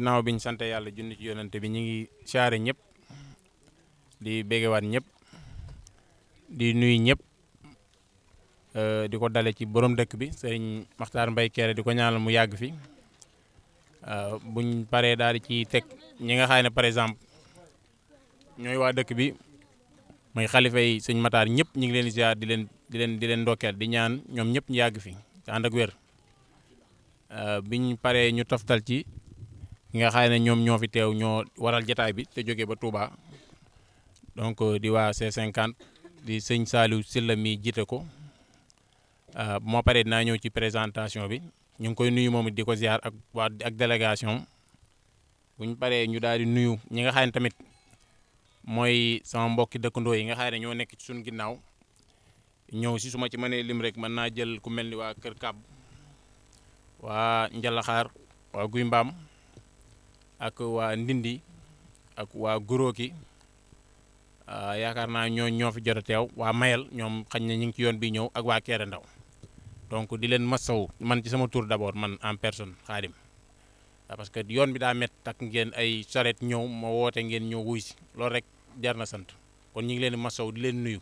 ginnaaw biñ sant yàlla junni ci yonante bi ñu ngi siyaare ñëpp di bégewaat ñëpp di nuyu ñëpp euh, di ko dale ci boroom dëkk bi sëriñ Maxtaar Mbay Kéré di ko ñaanal mu yàgg fi euh, buñ paree daal di ci teg ñi nga xay ne par exemple ñooy waa dëkk bi muy xalifa yi sëñ Mataar ñëpp ñu ngi leen ziar di leen di leen di leen ndokkeel di ñaan ñoom ñëpp ñu yàgg fi ànd ak wér euh, biñ paree ñu toftal ci ñi nga xam ne ñoom ñoo fi teew ñoo waral jataay bi te jóge ba Touba donc euh, di waa C50 di sëñ Saliou Sylla mi jiite ko euh, moo paree dinaa ñëw ci présentation bi ñu ngi koy nuyu moom di ko ak waa ak délégation ñu paree ñu daal di nuyu ñi nga xam ne tamit mooy sama mbokki dëkkandoo yi nga xam ne ñoo nekk ci suñu ginnaaw ñëw si suma ci mënee lim rek mën naa jël ku mel ni waa Kër Kab waa Njalaxaar waa Guy Mbaam. ak waa Ndindi ak waa Guroki yaakaar naa ñoo ñoo fi jot a teew waa Mayel ñoom xañ na ñu ngi ci yoon bi ñëw ak waa Kéré Ndaw donc di leen masawu man ci sama tour d'abord man en personne xaadim ah, parce que yoon bi daa met takk ngeen ay charrette ñëw ma woote ngeen ñëw wuy si loolu rek jar na sant kon ñu ngi leen di masawu di leen nuyu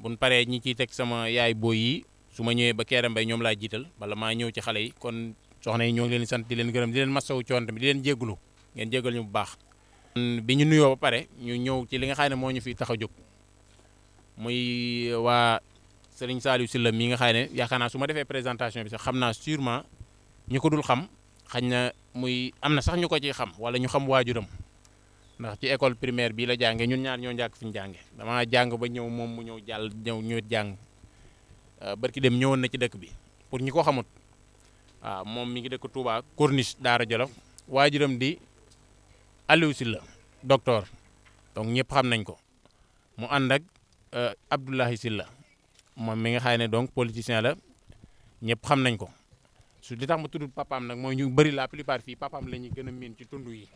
buñ paree ñi ciy teg sama yaay booy yi su ma ñëwee ba Kéré Mbay ñoom laa jiital bala maa ñëw ci xale yi kon. soxna yi ñoo ngi leen sant di leen gërëm di leen masawu coon tamit di leen jégglu ngeen jéggal ñu bu baax bi ñu nuyoo ba pare ñu ñëw ci li nga xam ne moo ñu fi tax a muy waa Serigne Saliou Sylla mi nga xam ne yaakaar naa su ma defee présentation bi sax xam naa sûrement ñu ko dul xam xañ na muy am na sax ñu ko ciy xam wala ñu xam waajuram ndax ci école primaire bii la jànge ñun ñaar ñoo njàkk fi ñu jànge dama jàng ba ñëw moom mu ñëw jàll ñëw ñëw jàng euh, barki dem ñëwoon na ci dëkk bi pour ñi ko xamut waaw ah, moom mi ngi ko Touba Corniche Daara Jolof waajuram di Aliou la docteur donc ñëpp xam nañ ko mu ànd ak eh, Abdoulahi la moom mi nga xam ne donc politicien la ñëpp xam nañ ko su li tax ma tudd papaam nag mooy ñu bëri la plupart fii papaam la ñuy gën a miin ci tund yi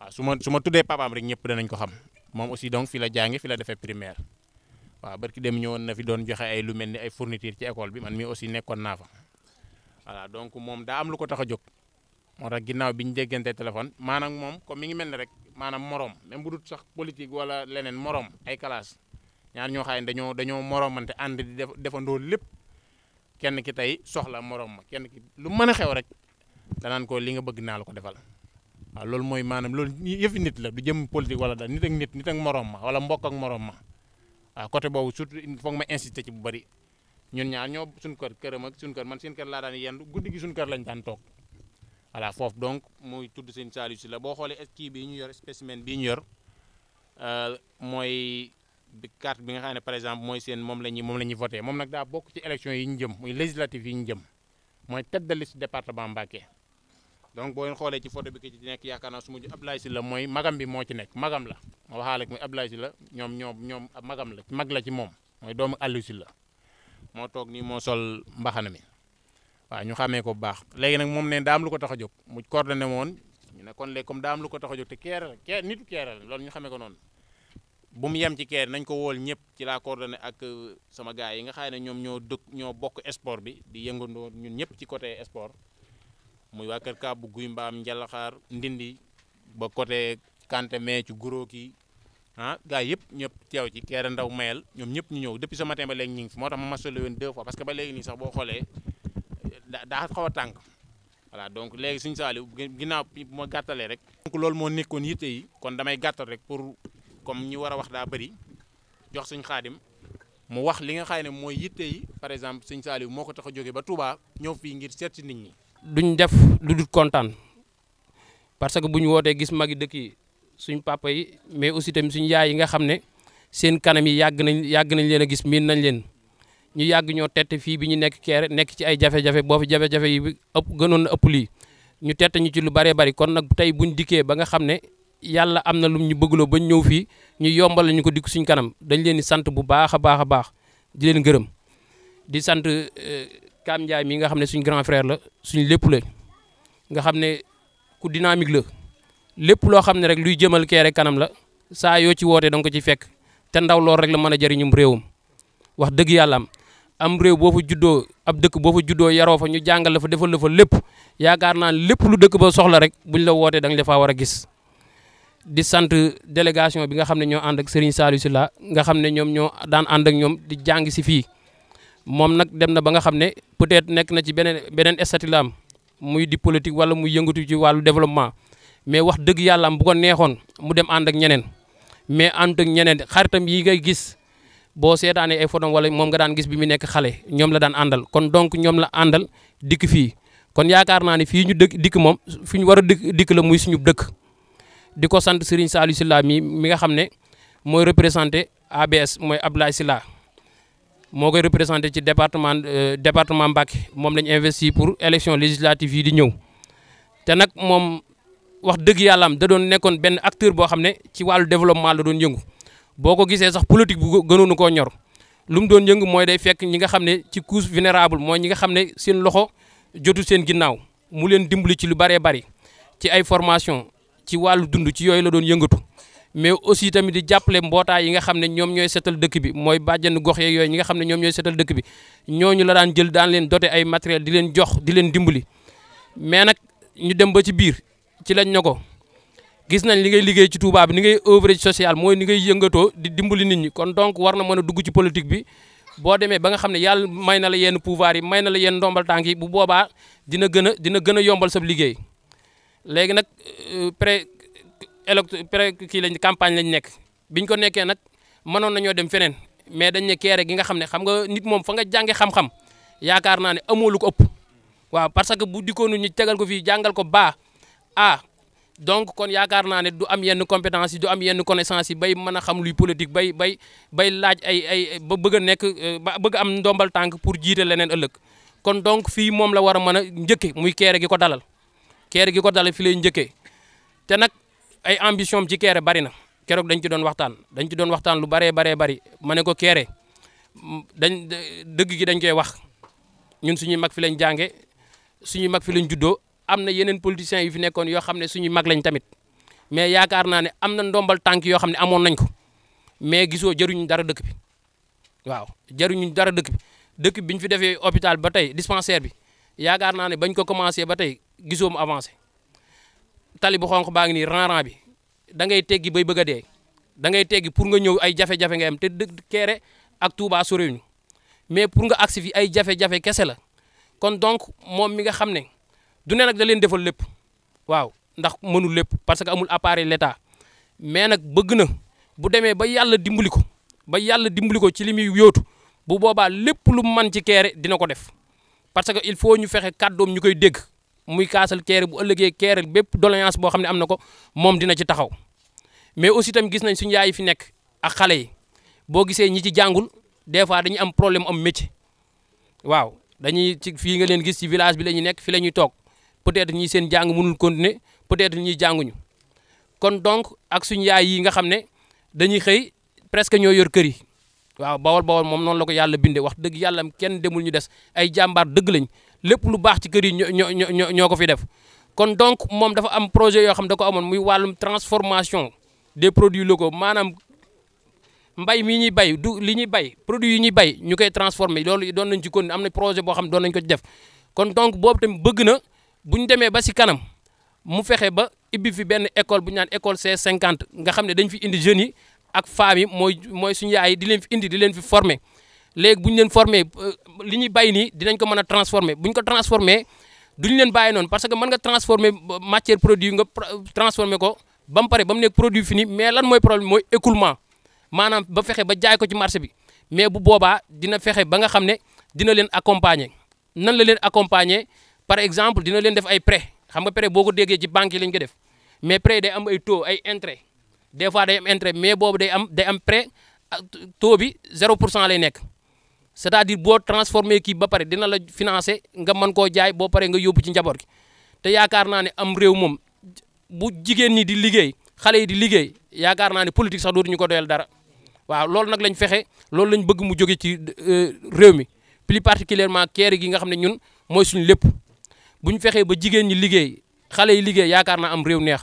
ah, su ma su ma tuddee papaam rek ñëpp danañ ko xam moom aussi donc fi la jànge fi la defee primaire waaw barki dem ñëwoon na fi doon joxe ay lu mel ni ay fourniture ci école bi man aussi nekkoon naa voilà donc moom daa am lu ko tax a jóg moo tax ginnaaw bi ñu déggante téléphone maanaam moom comme mi ngi mel ne rek maanaam morom même bu dul sax politique wala leneen morom ay classe ñaar ñoo xam ne dañoo dañoo moromante ànd di def defandoo lépp kenn ki tey soxla morom ma kenn ki lu mën a xew rek danaan ko li nga bëgg naa la ko defal waaw loolu mooy maanaam loolu nit la du jëm politique wala daal nit ak nit nit ak morom ma wala mbokk ak morom ma waaw côté boobu surtout foog ma insister ci bu bari ñun ñaar ñoo suñ kër këram ak suñ kër man seen kër laa daan yendu guddi gi suñ kër lañ daan toog voilà foofu donc muy tudd seen Saliou si la boo xoolee ski bii ñu yor spécimen bii ñu yor euh, mooy bi bi nga xam ne par exemple mooy seen moom la ñuy moom la ñuy voté moom nag bokk ci élection yi ñu jëm muy législative yi ñu jëm mooy tête de liste département donc boo leen xoolee ci photo bi nekk yaakaar naa su ma ju Abdoulaye Sylla mooy magam bi moo ci nekk magam la ma waxaale ak muy Abdoulaye Sylla ñoom ñoom ñoom magam la mag la ci moom mooy doomu Aliou la moo toog nii moo sol mbaxana mi waaw ñu xamee ko bu baax léegi nag moom ne daam lu ko tax a jóg mu coordonné woon ñu ne kon léegi comme daam lu ko tax a jóg te keer keer nitu keer loolu ñu xamee ko noonu bu mu yem ci keer nañ ko wool ñëpp ci laa coordonné ak euh, sama gars yi nga xam ne ñoom ñoo dëkk ñoo bokk sport bi di yëngandoo ñun ñëpp ci côté sport muy waa Kër Kaabu Guy Mbaam Njalaxaar Ndindi ba côté Kanté mais ci Guro kii ah gars yëpp ñëpp teew ci keera ndaw mayal ñoom ñëpp ñu ñëw depuis ce matin ba léegi ñu fi moo tax ma masole woon deux fois parce que ba léegi nii sax boo xoolee daa xaw tànk voilà donc léegi suñu saali ginnaaw ma gàttalee rek loolu moo nekkoon yitte yi kon damay gàttal rek pour comme ñu war a wax daa bëri jox suñ xaadim mu wax li nga xam ne mooy yitte yi par exemple suñ Saliou moo ko tax a jógee ba Touba ñëw fii ngir seet nit ñi. duñ def lu dul kontaan parce que bu ñu wootee gis magi yi suñ papa yi mais aussi tamit suñ yaay yi nga xam ne seen kanam yi yàgg nañ yàgg nañ leen a gis miin nañ leen ñu yàgg ñoo tette fii bi ñu nekk keere nekk ci ay jafe-jafe boo fi jafe-jafe yi ëpp gënoon na ëpp lii ñu tette ñu ci lu bëree bëri kon nag tey bu buñ dikkee ba nga xam ne yàlla am na lu ñu bëgguloo bañ ñëw fii ñu yombal ñu ko dikk suñ kanam dañ leen di sant bu baax a baax a baax di leen gërëm di sant euh, Kaam Ndiaye mii nga xam ne suñ grand frère la suñ lépp nga xam ne ku dynamique la lépp loo xam ne rek luy jëmal Kéré kanam la saa yoo ci wootee danga ko ci fekk te ndaw loolu rek la mën a jëriñum réewum wax dëgg yàlla am am réew boo fa juddoo ab dëkk boo fa juddoo yaroo fa ñu jàngal la fa defal la fa lépp yaakaar naa lépp lu dëkk ba soxla rek buñ la wootee da nga war a gis. di sant délégation bi nga xam ne ñoo ànd ak Serigne Saliou Sylla nga xam ne ñoom ñoo daan ànd ak ñoom di jàng si fii moom nag dem na ba nga xam ne peut-être nekk na ci beneen beneen statut la muy di politique wala muy yëngatu ci wàllu développement. mais wax dëgg yàlla bu ko neexoon mu dem ànd ak ñeneen mais ànd ak ñeneen xaritam yi ngay gis boo seetaanee ay photos wala moom nga daan gis bi mu nekk xale ñoom la daan àndal kon donc ñoom la àndal dikk fii kon yaakaar naa ne fii ñu dëkk dikk moom fi ñu war a dikk dikk la muy suñu dëkk di ko sant Serigne Saliou Sylla mi mi nga xam ne mooy représenté ABS mooy Abdoulaye Sylla moo koy représenté ci département euh, département Mbacké moom lañ investi pour élection législative yi di ñëw te nag moom wax dëgg yàllaam da doon nekkoon benn acteur boo xam ne ci wàllu développement la doon yëngu boo ko gisee sax politique bu gënoonu koo ñor lu mu doon yëngu mooy day fekk ñi nga xam ne ci couche vulnérable mooy nga xam ne seen loxo jotu seen ginnaaw mu leen dimbali ci lu bëree bëri ci ay formation ci wàllu dund ci yooyu la doon yëngatu mais aussi tamit di jàppale mbootaay yi nga xam ne ñoom ñooy setal dëkk bi mooy bàjjenu gox yeeg yooyu ñi nga xam ne ñoom ñooy setal dëkk bi ñooñu la daan jël daan leen dote ay matériel di leen jox di leen dimbali mais nag ñu dem ba ci biir ci lañ ne ko gis nañ li ngay liggéey ci Touba bi ni ngay œuvre social mooy ni ngay yëngatoo di dimbali nit ñi kon donc war na mën a dugg ci politique bi boo demee ba nga xam ne yàlla may na la yenn pouvoir yi may na la yenn dombal tànk bu boobaa dina gën a dina gën a yombal sa liggéey léegi nag euh, pré élect pré kii lañ campagne lañ nekk biñ ko nekkee nag mënoon nañoo dem feneen mais dañ ne keere gi nga xam ne xam nga nit moom fa nga jànge xam-xam yaakaar naa ne amoo ko ëpp waaw parce que bu dikkoonu ñu tegal ko fii jàngal ko baa ah donc kon yaakaar naa ne du am yenn compétence yi du am yenn connaissance yi bay mën a xam luy politique bay bay bay laaj ay ay ba bëgg nekk euh, ba bëgg am ndombal tànk pour jiite leneen ëllëg kon donc fii moom la war a mën a njëkke muy keere gi ko dalal keere gi ko dalal fi lay njëkkee te nag ay ambition ci keere bari na keroog dañ ci doon waxtaan dañ ci doon waxtaan lu baree baree bari ma ne ko keere dañ dëgg gi dañ koy wax ñun suñuy mag fi lañ jànge suñuy mag fi lañ juddoo am na yeneen politiciens yu fi nekkoon yoo xam ne suñu mag lañ tamit mais yaakaar naa ne am na ndombal tànk yoo xam ne amoon nañ ko mais gisoo jëriñu dara dëkk bi waaw jëriñu dara dëkk bi dëkk bi ñu fi defee hôpital ba tey dispensaire bi yaakaar naa ne bañ ko commencé ba tey gisoo mu avancé tali bu xonq baa ngi nii ran bi da ngay teggi bay bëgg a dee da ngay teggi pour nga ñëw ay jafe-jafe nga am te dëkk Kéré ak Touba sorewuñu mais pour nga agsi fi ay jafe-jafe kese la kon donc moom mi nga xam ne du ne nag da leen defal lépp waaw ndax mënul lépp parce que amul appareil l'État mais nag bëgg na bu demee ba yàlla dimbali ko ba yàlla dimbali ko ci li muy yóotu bu boobaa lépp lu man ci keere dina ko def parce que il faut ñu fexe kàddoom ñu koy dégg muy kaasal keere bu ëllëgee keere bépp doléance boo xam ne am na ko moom dina ci taxaw mais aussi tam gis nañ suñu yaay yi fi nekk ak xale yi boo gisee ñi ci jàngul des fois dañuy am problème am métier waaw dañuy ci fii nga leen gis ci village bi la ñuy nekk fi la ñuy toog peut-être ñi seen jàng mënul continuer peut-être ñi ñu kon donc ak suñu yaay yii nga xam ne dañuy xëy presque ñoo yor kër yi waaw bawol bawol moom noonu la ko yàlla bindee wax dëgg yàlla kenn demul ñu des ay jàmbaar dëgg lañ lépp lu baax ci kër yi ñoo ñoo ñoo ko fi def. kon donc moom dafa am projet yoo xam da ko amoon muy wàllum transformation des produits locaux maanaam mbay mi ñuy bay du li ñuy bay produits yi ñuy bay ñu koy transformer loolu doon nañ ci kon am na projet boo xam doon nañ ko ci def bu ñu demee ba si kanam mu fexe ba ibbi fi benn école bu ñu naan école C50 nga xam ne dañ fi indi jeunes yi ak femmes yi mooy mooy suñu yaay yi di leen fi indi di leen fi former léegi bu ñu leen former euh, li ñuy bay nii dinañ ko mën a transformer bu ñu ko transformer duñu leen bàyyi noonu parce que mën nga transformer euh, matière produit nga euh, transformer ko ba pare bam mu nekk produit fini mais lan mooy problème mooy écoulement maanaam ba fexe ba jaay ko ci marché bi mais bu boobaa dina fexe ba xam ne dina leen accompagner nan la leen accompagner. par exemple dina leen def ay près xam nga prêt boo ko déggee ci banque yi lañ ko def mais prêt day am ay taux ay intérêt des fois day am intérêt mais boobu day am day am prêt taux bi zéro pour cent lay nekk c'est-à-dire boo transformé kii ba pare dina la financer nga mën koo jaay boo paree nga yóbbu ci njaboot gi te yaakaar naa ne am réew moom bu jigéen ñi di liggéey xale yi di liggéey yaakaar naa ne politique sax dootuñu ko doyal dara waaw loolu nag lañ fexe loolu lañ bëgg mu jóge ci euh, réew mi plus particulièrement kër gi nga xam ne ñun mooy suñu lépp bu ñu fexee ba jigéen ñi liggéey xale yi liggéey yaakaar naa am réew neex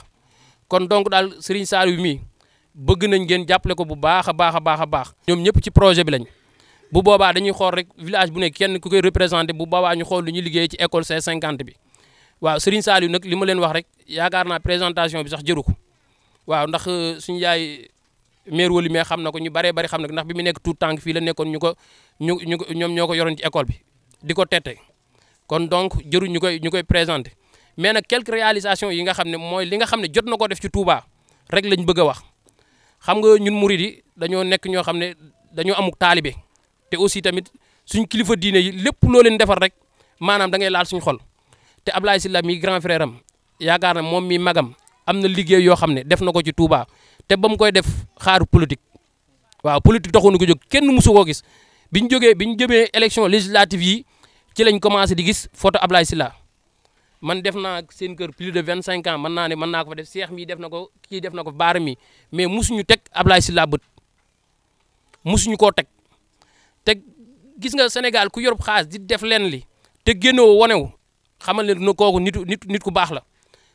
kon donc daal Serigne Saliou mii bëgg nañ ngeen jàppale ko bu baax a baax a baax a baax. ñoom ñëpp ci projet bi lañ bu boobaa dañuy xool rek village bu nekk kenn ku koy représenté bu boobaa ñu xool lu ñuy liggéey ci école C50 bi waaw Serigne Saliou nag li ma leen wax rek yaakaar naa présentation bi sax jëru ko waaw ndax euh, suñu jaay maire wali mais xam na ko ñu baree bari xam na ko ndax bi mu nekk tout tànk fii la nekkoon ñu ko ñu ñu ñoom ñoo ko yoroon ci école bi di ko tette kon donc jëru ñu koy ñu koy présenté mais nag quelques yi nga xam ne mooy li nga xam ne jot na ko def ci Touba rek lañ bëgg a wax xam nga ñun murid yi dañoo nekk ñoo xam ne dañoo amuk taalibe te aussi tamit suñ kilifa diine yi lépp loo leen defar rek maanaam da ngay laal suñu xol te Ablaye la mi grand frère yaakaar na moom mi magam am na liggéey yoo xam ne def na ko ci Touba te ba mu koy def xaaru politique waaw politique taxoon na ko jóg kenn mësu koo gis biñ jógee biñ jëmee élection législative yi ci lañ commencé di gis photo Ablaye Sylla man def naa seen kër plus de vingt cinq ans mën naa ne mën naa ko fa def seex mi def na ko kii def na ko baara mi mais musuñu teg Ablaye Sylla bët musuñu koo teg teg gis nga senegal ku yorub xaalis di def leen li te génnoo wonewu xamal ne kooku nitu nit nit ku baax la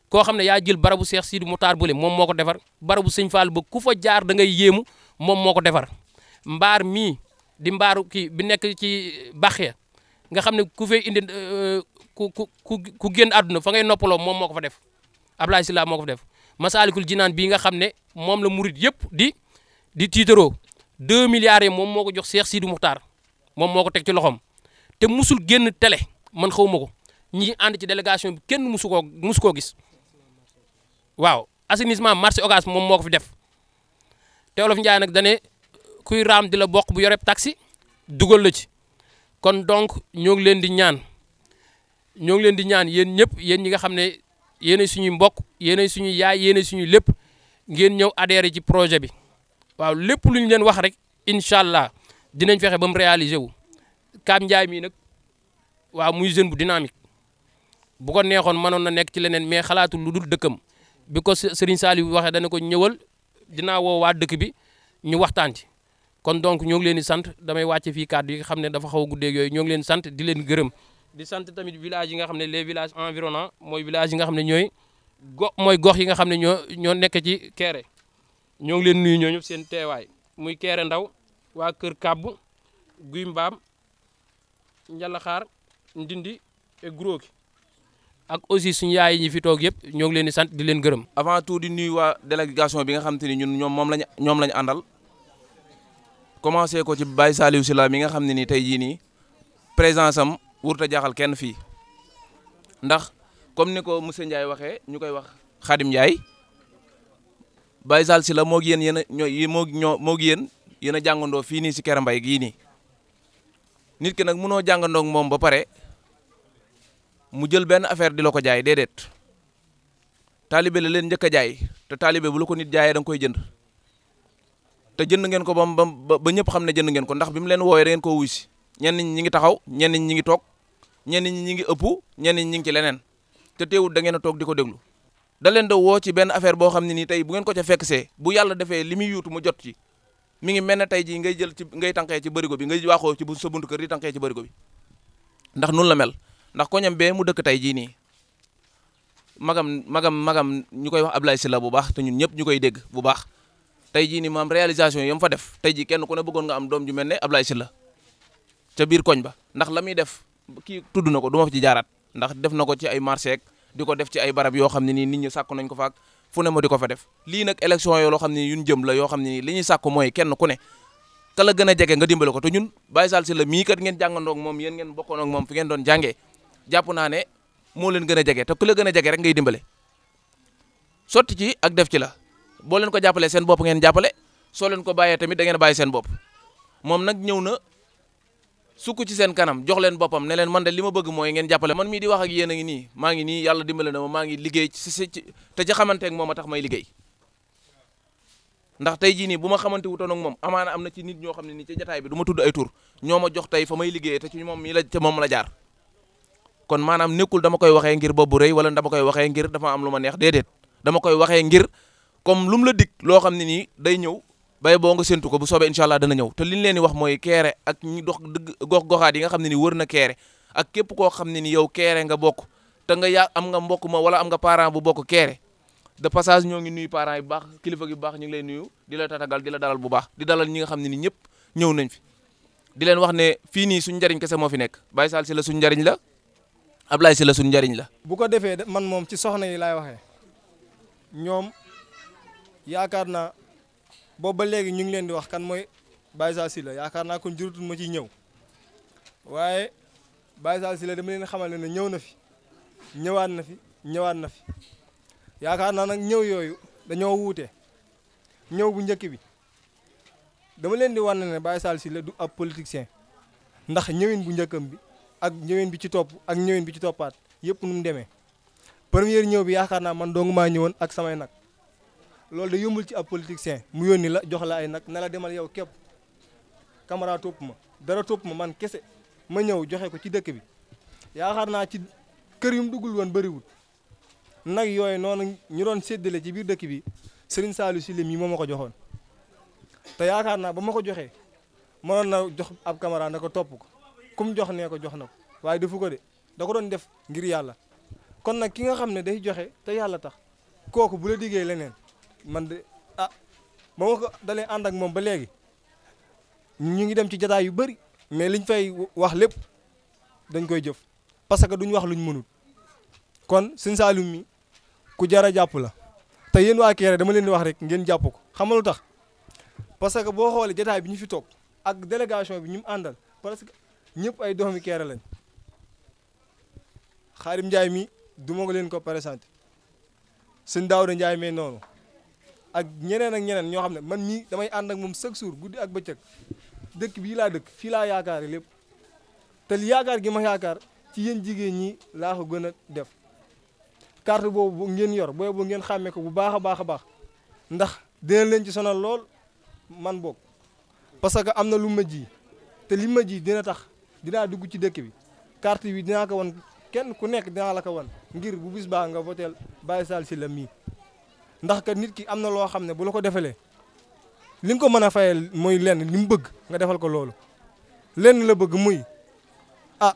koo xam ne yaa jël barabu Seex Sidi Muxtaar Bule moom moo ko defar barabu Sëñ Fall ba ku fa jaar da ngay yéemu moom moo ko defar mbaar mii di mbaaru kii bi nekk ci bàq nga xam ne ku fay indi euh, ku ku ku génn àdduna fa ngay noppaloo moom moo ko fa def Abdoulaye Sylla moo ko fa def Masaalikul Jinaan bii nga xam ne moom la murit yëpp di di tiitaroo deux milliards yi moom moo ko jox Cheikh Sidi Moukhtar moom moo ko teg ci loxoom te musul génn tele man xawma ko ñi ànd ci délégation bi kenn musu koo musu koo gis waaw assainissement marché ogas moom moo ko fi def te olof Njaay nag dane kuy raam di la bokk bu yoreb taxi dugal la ci kon donc ñoo ngi leen di ñaan ñoo ngi leen di ñaan yéen ñëpp yéen ñi nga xam ne yéenay suñuy mbokk yéenay suñuy yaay yéenay suñuy lépp ngeen ñëw adhéré ci projet bi waaw lépp lu ñu leen wax rek incha allah dinañ fexe ba mu réaliser wu. Kaam Ndiaye mii nag waaw muy jeune bu dynamique bu ko neexoon mënoon na nekk ci leneen mais xalaatu lu dul dëkkam bi ko Serigne Saliou waxee dana ko ñëwal dinaa woo waa dëkk bi ñu waxtaan ci kon donc ñoo ngi leen di sant damay wàcce fi kàddu yi xam ne dafa xaw a guddeeg yooyu ñoo leen sant di leen gërëm di sant tamit village yi nga xam ne les villages environnants mooy village yi nga xam ne ñooy go mooy gox yi nga xam ne ñoo ñoo nekk ci Kéré ñoo ngi leen nuyu ñoo ñëpp seen teewaay muy keere Ndaw waa Kër Kàbbu Guy Mbaam Njalaxaar Ndindi et Gurooki ak aussi suñu yaay yi ñi fi toog yëpp ñoo ngi leen di sant di leen gërëm. avant tout di nuyu waa délégation bi nga xam te ñun ñoom moom lañ ñoom lañ àndal. commencé ko ci Baye Saliou Sylla mi nga xam ne ni tey jii nii présence am wurta jaaxal kenn fii ndax comme ni ko monsieur Ndiaye waxee ñu koy wax Khadim Ndiaye Baye Saliou Sylla moo gi yéen yéen a ñoo moo ñoo moo yéen a jàngandoo fii nii si Kër Mbaye gii nii nit ki nag mënoo jàngandoo moom ba pare mu jël benn affaire di la ko jaay déedéet taalibe la leen jëkk jaay te taalibe bu la ko nit jaayee da koy jënd te jënd ngeen ko ba ba ñëpp xam ne jënd ngeen ko ndax bi mu leen woowee da ngeen koo wuy si ñi ñi ngi taxaw ñenn ñi ñi ngi toog ñenn ñi ñi ngi ëpp ñenn ñi ngi ci leneen te teewul da ngeen a toog di ko déglu da leen da woo ci benn affaire boo xam ne nii tey bu ngeen ko ca fekk see bu yàlla defee li mu jot ci mi ngi mel ne tey jii ngay jël ci ngay tànqee ci bërigo bi ngay waaxoo ci bu sa buntu kër di tànqee ci bërigo bi ndax noonu la mel ndax ko ñam bee mu dëkk tey jii nii magam magam magam ñu koy wax Ablaye Sylla bu baax te ñun ñëpp ñu koy dégg bu baax tey jii ni maam réalisation yam fa def tey jii kenn ku ne bëggoon nga am doom ju mel ne Ablaye Sylla ca biir koñ ba ndax la muy def kii tudd na ko du ma fi ci jaaraat ndax def na ko ci ay marché ak di ko def ci ay barab yoo xam ne nii nit ñi sàkku nañ ko faak fu ne ma di ko fa def lii nag élection yoo xam ne yuñ jëm la yoo xam ni nii li ñuy sàkku mooy kenn ku ne ka la gën a jege nga dimbale ko te ñun Baye Sall Sylla mii kat ngeen jàngandoo ak moom yéen ngeen bokkoon ak moom fi ngeen doon jàpp naa moo leen gën a jege te la gën a jege rek ngay dimbale ci ak def ci la boo leen ko jàppalee seen bopp ngeen jàppale soo leen ko bàyyee tamit da ngeen bàyyi seen bopp moom nag ñëw na sukk ci seen kanam jox leen boppam ne leen man de li ma bëgg mooy ngeen jàppale man mii di wax ak yéen a ngi nii maa ngi nii yàlla dimbale na ma maa ngi liggéey ci ci te ci xamante ak moom a tax liggéey ndax tey jii nii bu ma xamante wutoon ak moom amaana am na ci nit ñoo xam ne nii ci jataay bi du ma tudd ay tur ñoo ma jox tey fa may liggéeyee te ci moom mii la te moom la jaar kon maanaam nekkul dama koy waxee ngir bopp bu rëy wala dama koy waxee ngir dafa am lu ma neex déedéet dama koy comme lu mu la dig loo xam ne ni day ñëw bay boo nga séntu ko bu soobee incha allah dana ñëw te li ñu leen di wax mooy keere ak ñi dox gox goxaat yi nga xam ne ni wër na keere ak képp koo xam ne ni yow keere nga bokk te nga yaa am nga mbokk ma wala am nga parent bu bokk keere de passage ñoo ngi nuyu parents yi baax kilifa gi baax ñu ngi lay nuyu di la tatagal di la dalal bu baax di dalal ñi nga xam ne ni ñëpp ñëw nañ fi di leen wax ne fii nii suñ njariñ kese moo fi nekk Baye Sall si la suñ njariñ la Ablaye si la suñ njariñ la bu ko defee man moom ci soxna yi laay waxe ñoom yaakaar naa boobu ba léegi ñu ngi leen di wax kan mooy Baye Zale Sylla yaakaar naa kon jurutul ma ciy ñëw waaye Baye Zale Sylla dama leen xamal ne ñëw na fi ñëwaat na fi ñëwaat na fi yaakaar naa nag ñëw yooyu dañoo wuute ñëw bu njëkk bi dama leen di wan ne Baye Zale Sylla du ab politicien ndax ñëwin bu njëkkam bi ak ñëwin bi ci topp ak ñëwin bi ci toppaat yëpp nu mu demee première ñëw bi yaakaar naa man dong maa ñëwoon ak samay nag. loolu da yombul ci ab politicien mu yónni la jox la ay nag na la demal yow képp caméra topp ma dara topp ma man kese ma ñëw joxe ko ci dëkk bi yaakaar naa ci kër yu mu duggul woon bëriwul nag yooyu noonu ñu doon séddale ci biir dëkk bi Serigne Saliou Sy lim yi moo ma ko joxoon te yaakaar naa ba ma ko joxee mënoon na jox ab caméra na ko topp ko ku jox nee ko jox na ko waaye defu ko de da ko doon def ngir yàlla kon nag ki nga xam ne day joxe te yàlla tax kooku bu la diggee leneen man de ah ba ma ko dalee ànd ak moom ba léegi ñu ngi dem ci jataay yu bëri mais liñ fay wax lépp dañ koy jëf parce que duñ wax luñ mënul kon Sëñ Saalum mi ku jar a jàpp la te yéen waa Kéré dama leen di wax rek ngeen jàpp ko xam lu tax parce que boo xoolee jataay bi ñu fi toog ak délégation bi ñu àndal parce que ñëpp ay doomi Kéré lañ Xaarim Njaay mi du leen ko présenté sëñ Daawda Njaay mais noonu ak ñeneen ak ñeneen ñoo xam ne man ñii damay ànd ak moom chaque jour guddi ak bëccëg dëkk bii laa dëkk fii laa yaakaar lépp te yaakaar gi ma yaakaar ci yéen jigéen ñi laa ko gën a def carte boobu ngeen yor booy boo ngeen xàmmee ko bu baax a baax a baax ndax dina leen ci sonal lool man boog parce que am na lu ma ji te li ma ji dina tax dinaa dugg ci dëkk bi carte bi dinaa ko wan kenn ku nekk dinaa la ko wan ngir bu bis baax nga voteel Baye Sall si la mii ndax que nit ki am na loo xam ne bu la ko defalee li nga ko mën a faye mooy lenn ni mu bëgg nga defal ko loolu lenn la bëgg muy ah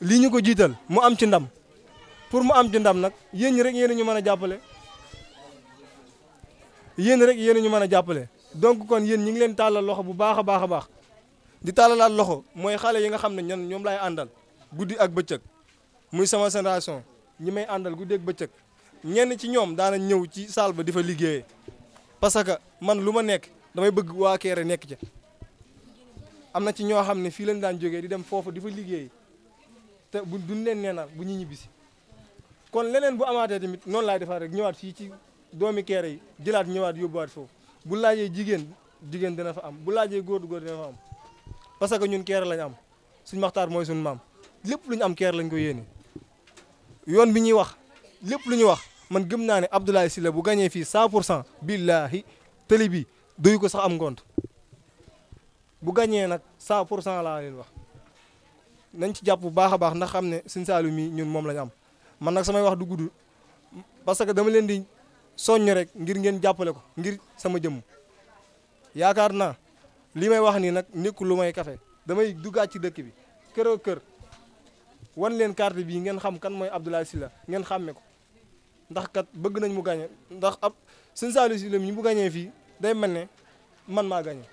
lii ñu ko jiital mu am ci ndam pour mu am ci ndam nag yéen ñi rek yéen ñu mën a jàppale yéen rek yéen ñu mën a jàppale donc kon yéen ñi ngi leen tàllal loxo bu baax a baax a baax di tàllalaat loxo mooy xale yi nga xam ne ñan ñoom laay àndal guddi ak bëccëg muy sama génération ñi may àndal guddi ak bëccëg ñenn ci ñoom daana ñëw ci salle ba di fa liggéeyee parce que man lu ma nekk damay bëgg waa kere nekk ca am na ci ñoo xam ne fii lañ daan jógee di dem foofu di fa liggéey te bu duñ leen neenal bu ñu ñibbisi kon leneen bu amaatee tamit noonu laay defaat rek ñëwaat fii ci doomi Kéré yi jëlaat ñëwaat yóbbuwaat foofu bu laajee jigéen jigéen dina fa am bu laajee góor góor fa am parce que ñun Kéré lañ am suñ maxtaar mooy suñ maam lépp lu am kere lañ ko yéene yoon bi ñuy wax lépp lu ñu wax. man gëm naa ne Abdoulaye Sylla bu gagné fii 100 pour cent billaahi tëli bi doy ko sax am ngont bu gañee nag 100 pour cent laa leen wax nañ ci jàpp bu baax a baax na xam ne Sine Saalum yi ñun moom la am man nag samay wax du gudd parce que dama leen di soññ rek ngir ngeen jàppale ko ngir sama jëmm yaakaar naa li may wax nii nag nekkul lu may kafe damay duggaat ci dëkk bi këroo kër wan leen carte bii ngeen xam kan mooy Abdoulaye Sylla ngeen xàmme ko ndax kat bëgg nañ mu gagné ndax ab sëñ Saliou Sy ñu mu gagné fii day mel ne man maa gagné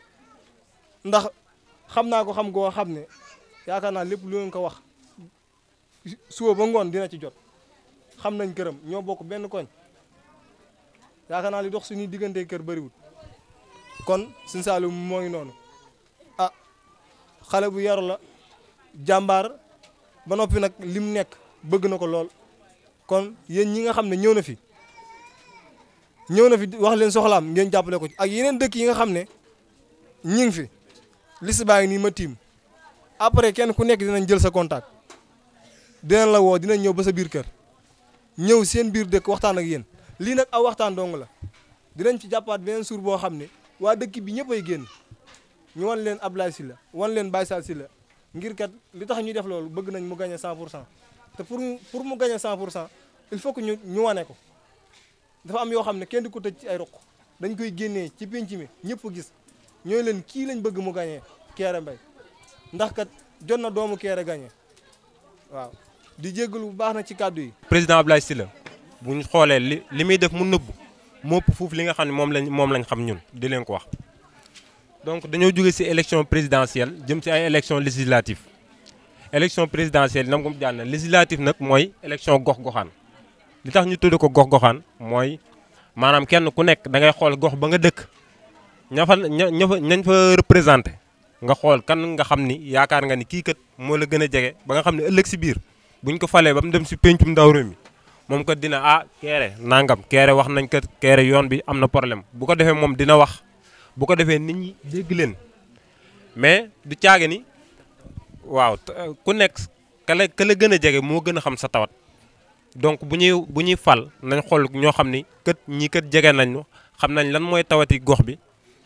ndax xam naa ko xam goo xam ne yaakaar naa lépp lu ngeen ko wax suba ba ngoon dina ci jot xam nañ këram ñoo bokk benn koñ yaakaar naa li dox suñuy diggante kër bëriwul kon sëñ Saliou moo noonu ah xale bu yaru la jàmbaar ba noppi nag lim nekk bëgg na ko lool. kon yéen ñi nga xam ne ñëw na fi ñëw na fi wax leen soxlaam ngeen jàppale ko ci ak yeneen dëkk yi nga xam ne ñi ngi fi liste baa ngi nii ma tiim après kenn ku nekk dinañ jël sa contact dinañ la woo dinañ ñëw ba sa biir kër ñëw seen biir dëkk waxtaan ak yéen lii nag aw waxtaan dong la dinañ ci jàppaat beneen suur boo xam ne waa dëkk bi ñëpp ay génn ñu wan leen Ablaye la wan leen baay Baye si la ngir kat li tax ñu def loolu bëgg nañ mu gagné 100 pour cent te pour pour mu gagné pour cent il faut que ñu ñu wane ko dafa am yoo xam ne kenn di ko tëj ci ay ruq dañ koy génnee ci penc mi ñëpp gis ñooy leen kii lañ bëgg mu gagné Kéré Mbaye ndax kat jot na doomu Kéré gagné waaw di jéggalu bu baax na ci kàddu yi. président Abdoulaye Sylla bu ñu xoolee li li muy def mu nëbbu mopp foofu li nga xam ne moom lañ moom lañ xam ñun di leen ko wax. donc dañoo jóge ci élection présidentielle jëm ci ay élection législative élection présidentielle nam ko jàll na nag mooy élection gox-goxaan. li tax ñu tudd ko gox-goxaan mooy maanaam kenn ku nekk da ngay xool gox ba nga dëkk ña fa ña fa ñañ fa représenté nga xool kan nga xam ni yaakaar nga ni kii kat moo la gën a jege ba nga xam ne ëllëg si biir buñ ko falee ba mu dem si pencum ndaw réew mi moom kat dina ah kere nangam kere wax nañ kat kere yoon bi am na problème bu ko defee moom dina wax bu ko defee nit ñi dégg leen mais du caage ni waaw ku nekk ka la ka la gën a jege moo gën a xam sa tawat. donc bu ñuy bu ñuy fal nañ xool ñoo xam ni kët ñii kët jege nañ ñu xam nañ lan mooy tawati gox bi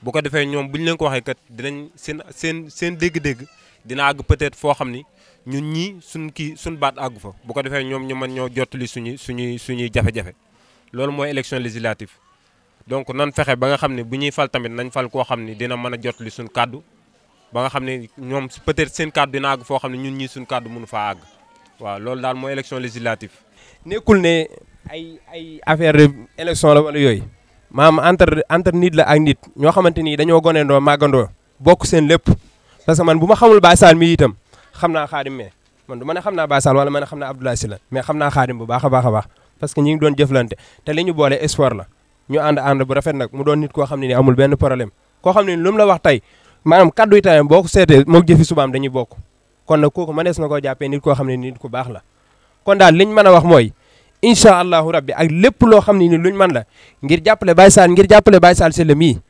bu ko defee ñoom bu ñu leen ko waxee kat dinañ seen seen seen dégg-dégg dina àgg peut-être foo xam ni ñun ñii suñ kii suñ baat àggu fa bu ko defee ñoom ñu mën ñoo jottali suñuy suñuy suñuy jafe-jafe loolu mooy élection législative donc nan fexe ba nga xam ne bu ñuy fal tamit nañ fal koo xam ni dina mën a jottali suñ kàddu ba nga xam ne ñoom peut-être seen kàddu dina àgg foo xam ne ñun ñii suñ kàddu mënu faa àgg waaw loolu daal mooy élection législative nekkul ne ay ay affaire élection la wala yooyu maam entre entre nit la ak nit ñoo xamante ni dañoo gonendoo màggandoo bokk seen lépp parce que man bu ma xamul Baye Sall mi itam xam naa xaadim mais man du ma ne xam naa Baye Sall wala ma ne xam naa Abdoulaye Sylla mais xam naa xaadim bu baax a baax parce que ñi ngi doon jëflante te li ñu boole espoir la ñu ànd ànd bu rafet nag mu doon nit koo xam ne ni amul benn problème koo xam ne ni lu la wax tey maanaam kaddu yi boo ko seetee moog jëfi subaam dañuy bokk kon nag kooku mënees na koo jàppee nit koo xam ne nit ku baax la kon daal liñ mën a wax mooy incha allahu rabbi ak lépp loo xam ne ni luñ man la ngir jàppale Baye Sall ngir jàppale Baye Sall Sylla mii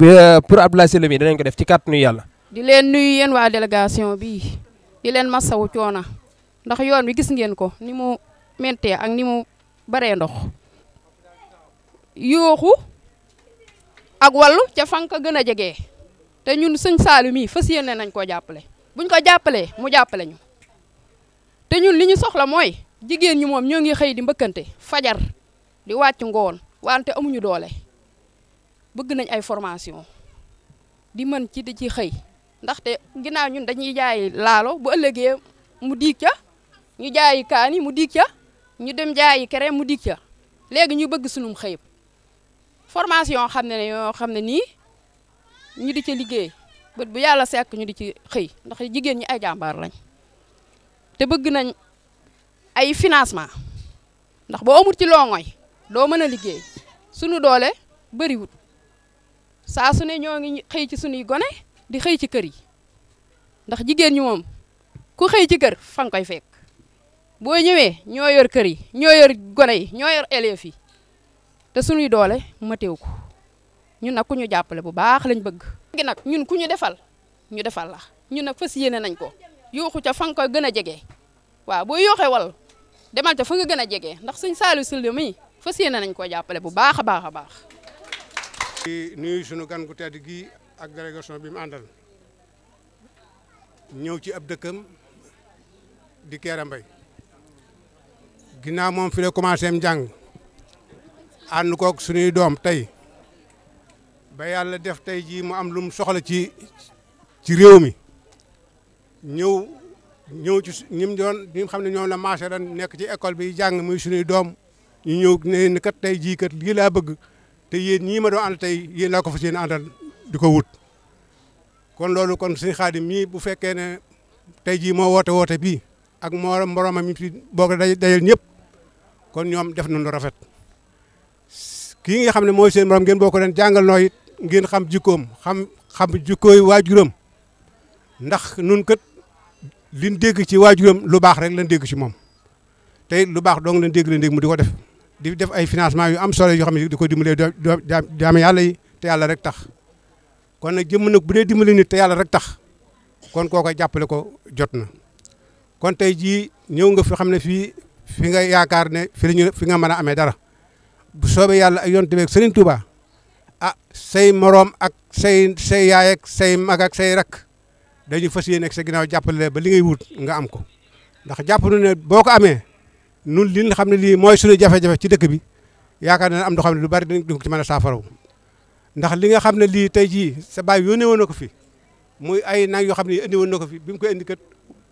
euh, pour Abdoulaye mii danañ ko def ci kàttanu yàlla. di leen nuyu yéen waa délégation bi di leen masawu coona ndax yoon wi gis ngeen ko ni mu mentee ak ni mu baree ndox yooxu ak wàllu ca fan ka gën a jege te ñun sëñ Saalu mii fas yéene nañ koo jàppale buñ ko jàppalee mu jàppale ñu. te ñun li ñu soxla mooy jigéen ñi moom ñoo ngi xëy di mbëkkante fajar di wàcc ngoon wante amuñu doole bëgg nañ ay formation di mën ci di ci xëy ndaxte ginnaaw ñun dañuy jaay laalo bu ëllëgee mu diig ca ñu jaay kaani mu diig ca ñu dem jaayi kere mu diig ca léegi ñu bëgg sunum xëy formation xam ne yoo xam ne nii ñu di ca liggéey bët bu yàlla sekk ñu di ci xëy ndax jigéen ñi ay jàmbaar lañ te bëgg nañ ay financement ndax boo amul ci looŋooy doo mën a liggéey sunu doole bëriwut saa su ne ñoo ngi xëy ci sunuy gone di xëy ci kër yi ndax jigéen ñi moom ku xëy ci kër fa koy fekk boo ñëwee ñoo yor kër yi ñoo yor gone yi ñoo yor élèves yi te sunuy doole mateew ko ñun nag ku ñu jàppale bu baax lañ bëgg. nag ñun ku ñu defal ñu defal la ñun nag fas yéene nañ ko. yooxu ca fan ko gën a jege waaw boo yooxee wal demal ca fa nga gën a jege ndax suñ Saliou Sylla mi fas yéene nañ koo jàppale bu baax a baax a baax. di nuyu sunu gan gu tedd gi ak délégation bi mu àndal ñëw ci ab dëkkam di Kéré Mbaye ginnaaw moom fi la commencé am njàng ànd kook sunuy doom tey ba yàlla def tey jii mu am lu soxla ci ci réew mi. ñëw ñëw ci ñi mu doon ñi xam ne ñoom la marché ren nekk ci école bi jàng muy suñuy doom ñu ñëw ne tey jii kat lii laa bëgg te yéen ñii ma doon ànd tey yéen laa ko fas yéen àndal di ko wut. kon loolu kon suñu xaadim mii bu fekkee ne tey jii moo woote woote bii ak moo moroomam mi fi boog dajal ñëpp kon ñoom def nañu rafet kii nga xam ne mooy seen morom ngeen boo ko den jàngal ngeen xam jikoom xam xam jikkooy waajuram ndax nun kët liñ dégg ci waajuram lu baax rek lañ dégg ci moom tey lu baax dong lañ dégg lañ dégg mu di ko def di def ay financement yu am solo yoo xam ne di ko dimbalee jaam yàlla yi te yàlla rek tax kon nag jëmm nag bu dee dimbale nit te yàlla rek tax kon koo jàppale ko jot na kon tey jii ñëw nga fi xam ne fii fi nga yaakaar ne fi lañu fi nga mën a amee dara bu soobee yàlla ak yonent bi ak Serigne Touba ah say moroom ak say say yaay ak say mag ak say rak dañu fas yéene nekk sa ginnaaw jàppale ba li ngay wut nga am ko ndax jàpp na ne boo ko amee nun li nga xam ne lii mooy suñu jafe-jafe ci dëkk bi yaakaar na am doo xam ne lu bari dañ ko ci mën a saafaraw ndax li nga xam ne lii tey jii sa baay yónnee woon na ko fi muy ay nag yoo xam ne indi woon na ko fi bi mu ko indi kat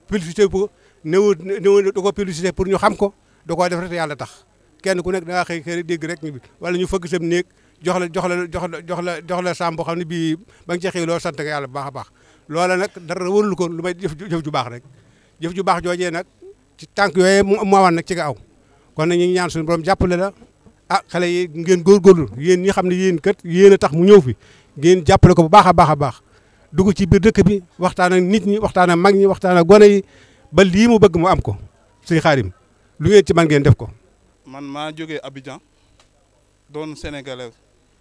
publicité ko néew néew da ko publicité pour ñu xam ko da koo def rek yàlla tax kenn ku nekk da ngaa xëy xëy dégg rek ñu wala ñu fëgg sam néeg jox la jox la jox la jox la jox la saam xam ne bii ba nga ci xëy loolu sant yàlla bu baax a loola nag dara wërul ko lu may jëf jëf ju baax rek jëf ju baax joojee nag ci tànk moo mu awan nag ci nga aw kon nag ñu ngi ñaan suñu borom jàppale la ah xale yi ngeen góorgóorlu yéen ñi xam ne yéen kat yéen a tax mu ñëw fi ngeen jàppale ko bu baax a baax a baax dugg ci biir dëkk bi waxtaan ak nit ñi waxtaan ak mag ñi waxtaan ak gone yi ba lii mu bëgg mu am ko sëñ Xaadim lu ngeen ci man ngeen def ko. man maa jógee Abidjan doon sénégalais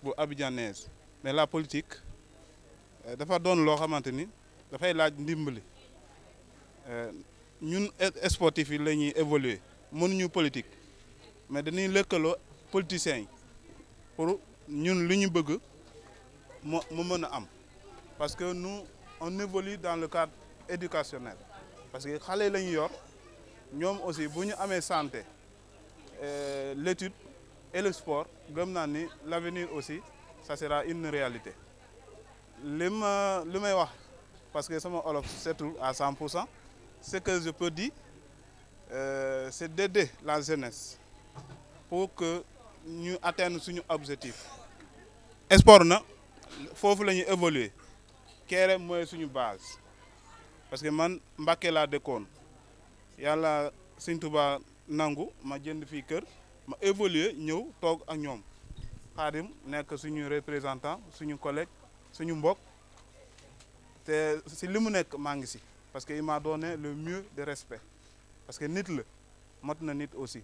bu abidjanaise mais la politique euh, dafa doon loo xamante ni. dafay laaj ndimbali eh, ñun sportif yi la ñuy évoluer mënuñu politique mais dañuy lëkkaloo politiciens yi pour ñun li ñu bëgg mo mu mën a am parce que nu on évolue dans le cadre éducationnel parce que xale la yor ñoom aussi bu ñu amee santé eh, l'étude et le sport gëm naa ni l'avenir aussi ça sera une réalité li ma li may wax parce que sama olof setul à 100 pour cent ce que je peux dire euh, c'est d'aider la jeunesse pour que ñu atteindre suñu objectif sport na foofu la ñuy évoluer Kéré mooy suñu base parce que man Mbàkke laa dëkkoon yàlla Sëñ Tuubaa nangu ma jënd fii kër ma évoluer ñëw toog ak ñoom Xaadim nekk suñu représentant suñu collègue suñu mbok te si li mu nekk maa ngi si parce que il m'a donné le mieux de respect parce que nit la mat na nit aussi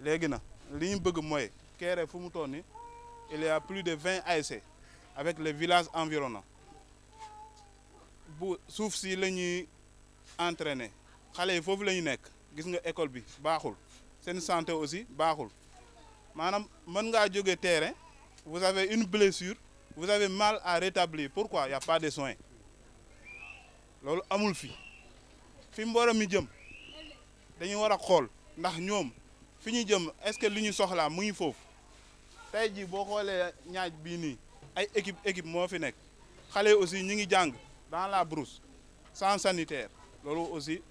léegi na li ñu bëgg mooy Kéré fu mu toll nii il y plus de vingt ASC avec les villages environnants bu suuf si la ñuy entraîner xale yi foofu la ñu nekk gis nga école bi baaxul seen santé aussi baaxul maanaam man ngaa jóge terrain vous avez une blessure vous avez mal à rétablir pourquoi il pas de soin loolu amul fi fi mbooloo mi jëm dañu war a xool ndax ñoom fi ñu jëm est-ce que li ñu soxlaa mu ngi foofu tey jii boo xoolee ñaaj bii nii ay équipe équipe moo fi nekk xale aussi ñu ngi jàng dans la brousse sans sanitaire loolu aussi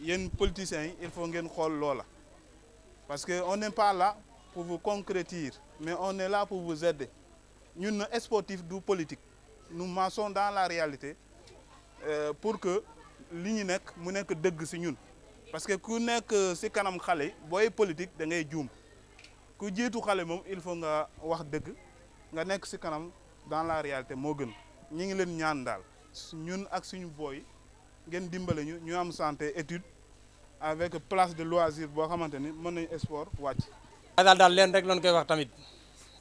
yenn politiciens yi il faut ngeen xool loola parce que on n'est pas là pour vous mais on est là pour vous ñun ñun sportif du politique nous marchons dans la réalité Euh, pour que li ñu nekk mu nekk dëgg si ñun parce que ku nekk euh, si kanam xale booy politique da ngay juum ku jiitu xale moom il faut nga wax dëgg nga nekk si kanam dans la réalité moo gën ñi ngi leen ñaan daal ñun ak suñu booy ngeen dimbale ñu ñu am santé étude avec place de loisir boo xamante ni mën nañu sport wàcc. daal daal leen rek lañ koy wax tamit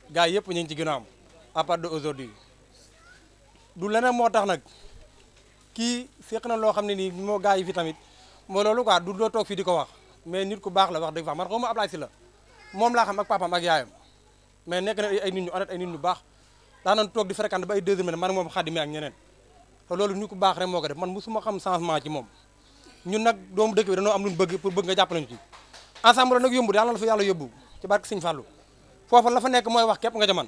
gars yëpp ñu ngi ci ginnaaw am à part de aujourd'hui du leneen moo tax nag. kii fekk na loo xam ne nii moo gars yi fi tamit moo loolu quoi du doo toog fii di ko wax mais nit ku baax la wax dëgg fa man xaw ma Ablaye si la moom laa xam ak papaam ak yaayam mais nekk na ay nit ñu honnête ay nit ñu baax daanañ toog di fréquente ba ay deux semaines man moom xaddime ak ñeneen te loolu ñu ko baax rek moo ko def man musuma xam changement ci moom ñun nag doomu dëkk bi dañoo am luñ bëgg pour bëgg nga jàpp nañu ci ensemble nag yóbbu daal la fa yàlla yóbbu ci barke Sëñ la fa nekk mooy wax képp nga jaman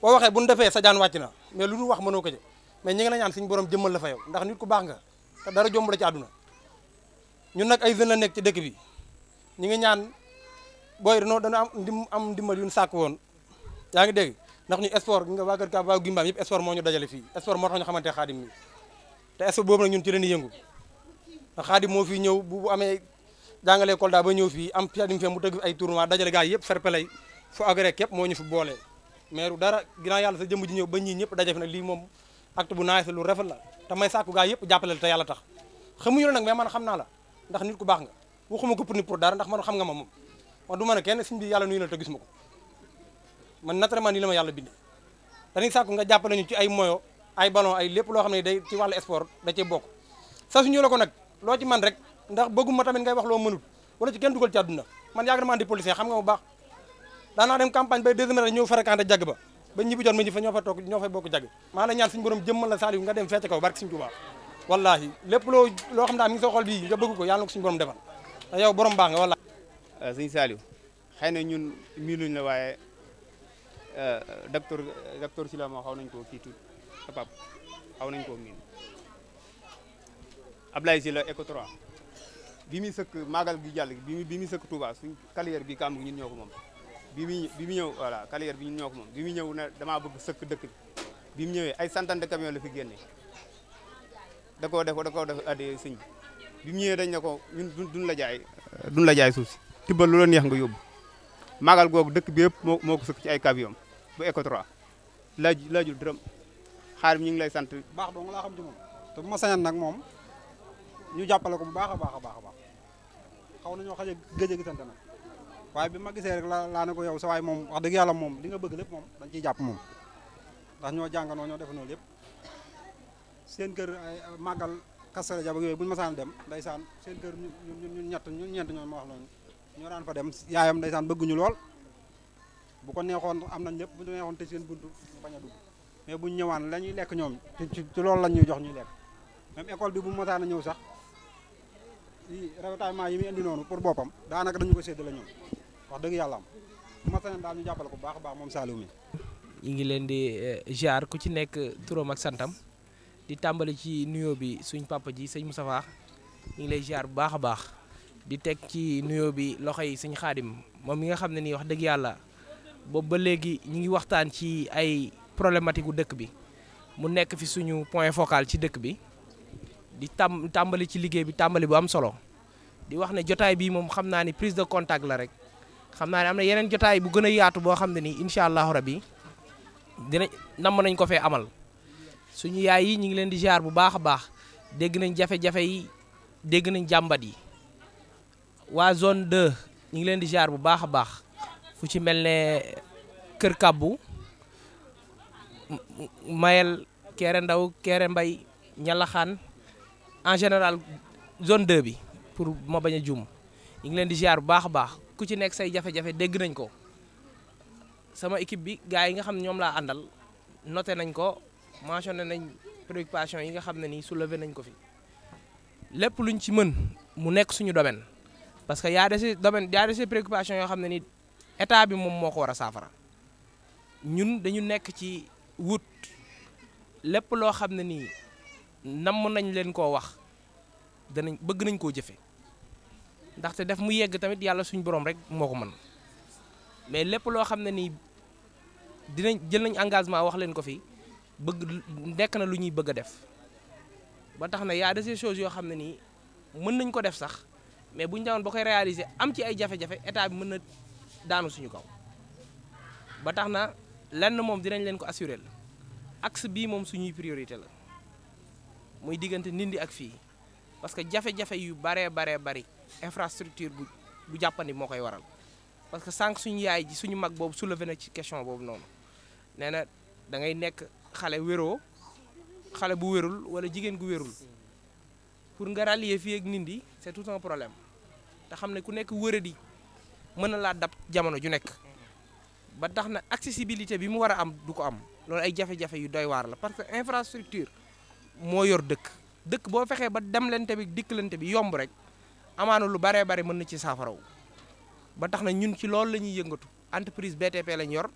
boo waxee bu ñu defee sa jaan wàcc na mais lu dul wax mënoo ko mais ñi ngi la ñaan suñu borom jëmmal la fa yow ndax nit ku baax nga te dara jomb la ci àdduna ñun nag ay jeunes nekk ci dëkk bi ñi ngi ñaan booy dañoo dañoo am ndim am ndimbal yu ñu sàkk woon yaa ngi dégg ndax ñu sport gi nga waa kër ka waa Gimbaam yëpp sport moo ñu dajale fii sport moo tax ñu xamante xaadim mi boobu nag ñun ci leen di yëngu ndax xaadim moo fii ñëw bu bu amee jàngalee Kolda ba ñëw fii am xaadim fee mu tëgg ay tournoi dajale gars yëpp fair-play fu agré képp moo ñu fi boole mais dara ginnaaw yàlla sa jëmm ji ñëw ba ñii ñëpp daje fi lii moom acte bu naagisa lu rafet la te may sàkku gaa yëpp jàppale te yàlla tax xamuñu la nag mais man xam naa la ndax nit ko baax nga waxuma ko pour nit pour dara ndax man xam nga ma moom man du ma ne yàlla nuyu la te gis ma ko man naturellement nii ma yàlla bindee dañuy sàkku nga jàppale ñu ci ay moyo ay ballon ay lépp loo xam ne day ci wàllu sport da cee bokk sa suñu la nag loo ci man rek ndax ma tamit ngay wax loo mënul wala ci kenn dugal ci àdduna man yàgg na ma andi xam nga bu baax daanaa dem campagne bay deuxième rek ñëw fréquenté jagg ba ba ñibbi jot ma ñi fa ñoo fa toog ñoo fay bokk jag maa la ñaan suñu borom jëmmal la Saliou nga dem fecc kaw barke suñu Tuubaa wallahi lépp loo loo xam ne am ngi sa xol bii nga bëgg ko yàlla na ko suñu borom defal te yow borom baa nga wallahi euh, sëñ Saliou xëy na ñun miinuñ la waaye euh, docteur docteur Sylla xaw nañ ko kii tuut sa ah, pap xaw nañ ko miin Ablaye Sylla ECHO 3 bi muy sëkk maagal gi jàll bi bi muy sëkk Touba suñ carrière bi kàmm ñun ñoo ko moom bii mi bi mu ñëw voilà Kaléguer bi ñu ñoo ko moom bi mu ñëw na damaa bëgg sëkk dëkk bi mu ñëwee ay centaine de camion la fi génne da koo def da koo def addi sëñ bi bi ñëwee dañ ne ko ñun duñ la jaay duñ la jaay suuf si tibbal lu la neex nga yóbbu magal googu dëkk bi yëpp moo moo ko sëkk ci ay camion bu Eco 3 laaj laajul dërëm xaar bi ñu ngi lay sant baax dong laa xam ci moom te ma sañan nag moom ñu jàppale ko bu baax a baax a baax a baax xaw nañoo xaje gëj a gisante nag waaye bi ma gisee rek la laa ne ko yow sa waay moom wax dëgg yàlla moom li nga bëgg lépp moom dañ ciy jàpp moom ndax ñoo jànganoo ñoo defandoo lépp seen kër ay màggal kastara jaba yooyu bu ñu ma saan dem ndeysaan seen kër ñun ñett ñu ñeent ñoon ma wax noonu ñoo daan fa dem yaayam ndeysaan bëgguñu lool bu ko neexoon am nañ lépp bu ñu neexoon tëj seen buntu bañ a dugg mais buñ ñëwaan la ñuy lekk ñoom ci ci loolu la ñuy jox ñuy lekk même école bi bu ma a ñëw sax ravitaillement yi muy indi noonu pour boppam daanaka dañu ko séddale ñoom wax dëgg yàlla am bu daal ñu jàppale ko bu baax baax moom Saliou mi ñu ngi leen di jaar eh, ku ci nekk turam ak santam di tàmbali ci nuyoo bi suñ papa ji sëñ Moustapha ñu ngi lay jaar bu baax a baax di teg ci nuyoo bi loxo yi sëñ Xaadim moom mi nga xam ne nii wax dëgg yàlla boobu ba léegi ñu ngi waxtaan ci ay problématique dëkk bi mu nekk fi suñu point focal ci dëkk bi di tam tàmbali ci liggéey bi tàmbali bu am solo di wax ne jotaay bii moom xam naa ni prise de contact la rek xam naa ne am na yeneen jotaay bu gën a yaatu boo xam ne nii incha allahu rabi dina namm nañ ko fee amal suñu yaay yi ñu ngi leen di jaar bu baax a baax dégg nañ jafe-jafe yi dégg nañ jàmbat yi waa zone 2 ñu ngi leen di jaar bu baax a baax fu ci mel ne Kër Kabbu Mayel Kéré Ndaw Kéré Mbay Ñalaxaan en général zone 2 bi pour ma bañ a juum ñu ngi leen di ziar bu baax a baax ku ci nekk say jafe-jafe dégg nañ ko sama équipe bi gars yi nga xam ne ñoom laa àndal note nañ ko mentionné nañ préoccupation yi nga xam ne nii soulevé nañ ko fi lépp luñ ci mën mu nekk suñu domaine parce que y a domaine y a des xam ne nii état bi moom moo ko war a saafara ñun dañu nekk ci wut lépp loo xam ne nii. namm nañ leen koo wax danañ bëgg nañ koo jëfe ndaxte def mu yegg tamit yàlla suñu borom rek moo ko mën mais lépp loo xam ne nii dinañ jël nañ engagement wax leen ko fii bëgg nekk na lu ñuy bëgg a def ba tax na yaa de ces yoo xam ne nii mën nañ ko def sax mais bu ñu demoon koy réaliser am ci ay jafe-jafe mën na daanu suñu kaw ba tax na lenn moom dinañ leen ko assurer la axe bii moom suñuy priorité la. muy diggante nindi ak fii parce que jafe-jafe yu baree baree bari infrastructure bu bu jàppandi moo koy waral parce que sànq suñu yaay ji suñu mag boobu soulevé na ci question boobu noonu nee na da ngay nekk xale wéroo xale bu wérul wala jigéen gu wérul pour nga rallier fii ak Ndindi c'est tout un problème te xam ne ku nekk wëradi mën na laa dab jamono ju nekk ba tax na accessibilité bi mu war a am du ko am loolu ay jafe-jafe yu doy waar la parce que infrastructure moo yor dëkk dëkk boo fexee ba demlante bi dikkalante bi yomb rek amaana lu baree bari mën na ci saafaraw ba tax na ñun ci loolu la ñuy yëngatu entreprise BTP lañ yor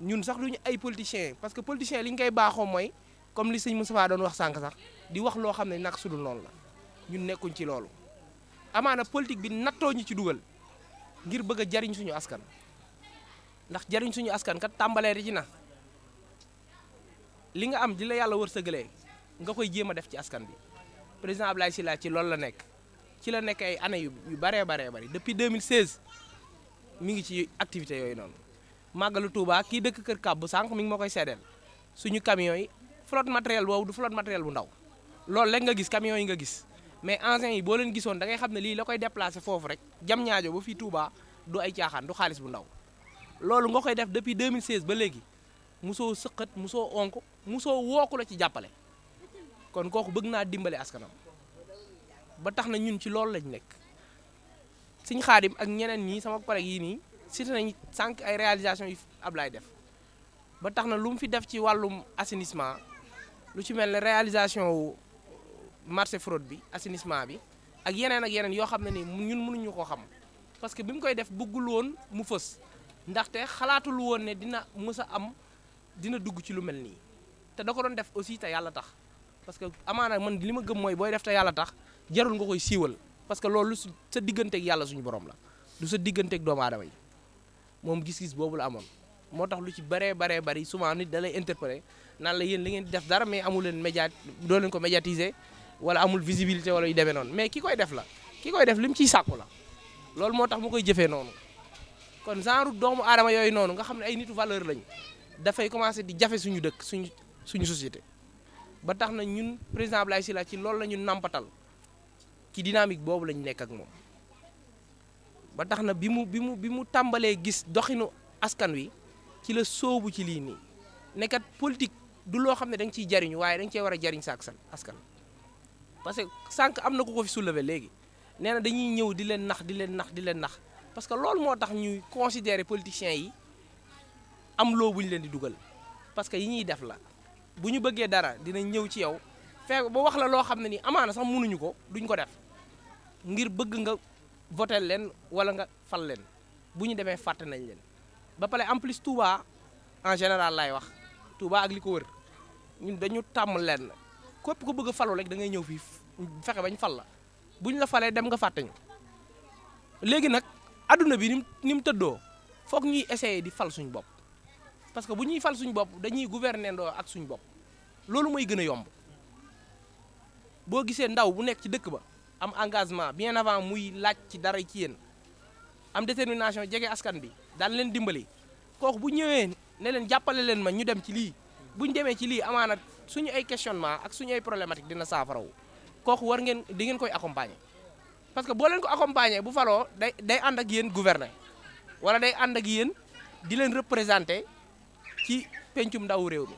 ñun sax ñu ay politiciens parce que politiciens li ñu koy baaxoo mooy comme li sëñ Moustapha doon wax sànq sax di wax loo xam ne nag sudul noonu la ñun nekkuñ ci loolu amaana politique bi nattoo ñu ci dugal ngir bëgg a jariñ suñu askan ndax jariñ suñu askan kat tàmbalee ci na li nga am di la yàlla wërsëgalee nga koy jéem a def ci askan bi président Ablaye Sylla ci loolu la nekk ci la nekk ay années yu yu baree baree bari depuis 2016 mi ngi ci activité yooyu noonu màggalu Touba kii dëkk kër kàbbu sànq mi ngi ma koy seedeel suñu camions yi flotte matériel boobu du flotte matériel bu ndaw loolu rek nga gis camions yi nga gis mais engins yi boo leen gisoon da ngay xam ne lii la koy déplacé foofu rek jam ñaajo ba fii Touba du ay caaxaan du xaalis bu ndaw loolu nga koy def depuis 2016 ba léegi musoo sëqat musoo onk musoo wooku la ci jàppale kon kooku bëgg naa dimbali askanam ba tax na ñun ci loolu lañ nekk Sëñ Xaadim ak ñeneen ñi sama collègue yii nii cité nañ sànq ay réalisation ab Ablaye def ba tax na lu mu fi def ci wàllum assainissement lu ci mel ne réalisation wu marché bi assainissement bi ak yeneen ak yeneen yoo xam ne ni ñun mënuñu koo xam parce que bi mu koy def bëggul woon mu fës ndaxte xalaatul woon ne dina mës a am dina dugg ci lu mel nii te da ko doon def aussi te yàlla tax parce que amaana man li ma gëm mooy booy def te yàlla tax jarul nga koy siiwal parce que loolu sa digganteeg yàlla suñu borom la du sa digganteeg doomu aadama yi moom gis-gis boobu la amoon moo tax lu ci baree baree bari souvent nit da lay interpellé naan la yéen li ngeen di def dara mais amul leen média doo leen ko médiatiser wala amul visibilité wala yu demee noonu mais ki koy def la ki koy def li mu ciy sàkku la loolu moo tax mu koy jëfee noonu kon genre doomu aadama yooyu noonu nga xam ne ay nitu valeur lañu dafay commencé di jafe suñu dëkk suñu suñu société ba tax na ñun président Abdoulaye Sylla ci loolu la ñu nampatal ci dinamique boobu lañu nekk ak moom ba tax na bi mu bi mu bi mu tàmbalee gis doxinu askan wi ci la sóobu ci lii nii nekkat politique du loo xam ne da ciy jariñu waaye da nga war a jariñ sa askan parce que sànq am na ku ko fi soulever léegi nee na dañuy ñëw di leen nax di leen nax di leen nax parce que loolu moo tax ñuy considérer politiciens yi am loo buñ leen di dugal parce que yi ñuy def la bu ñu bëggee dara dinañ ñëw ci yow fekk ba wax la loo xam ne nii amaana sax munuñu ko duñ ko def ngir bëgg nga votel leen wala nga fal leen bu ñu demee fàtte nañ leen ba pare en plus Touba en général laay wax Touba ak li ko wër ñun dañu tàmm leen képp ko bëgg falu rek da ngay ñëw fii fexe bañ fal la bu ñu la falee dem nga fàtte léegi nag adduna bi ni mu tëddoo foog ñuy essayer di fal suñu bopp. parce que bu ñuy fal suñ bopp dañuy gouverner ndoo ak suñ bopp loolu mooy gën a yomb boo gisee ndaw bu nekk ci dëkk ba am engagement bien avant muy laaj ci dara ci yéen am détermination jege askan bi daan leen dimbali kooku bu ñëwee ne leen jàppale leen ma ñu dem ci lii buñ demee ci lii amaana suñu ay questionnement ak suñu ay problématique dina saafaraw kooku war ngeen di ngeen koy accompagner parce que boo leen ko accompagner bu faloo day day ànd ak yéen gouverner wala day ànd ak yéen di leen représenter ci pencum ndawu réew mi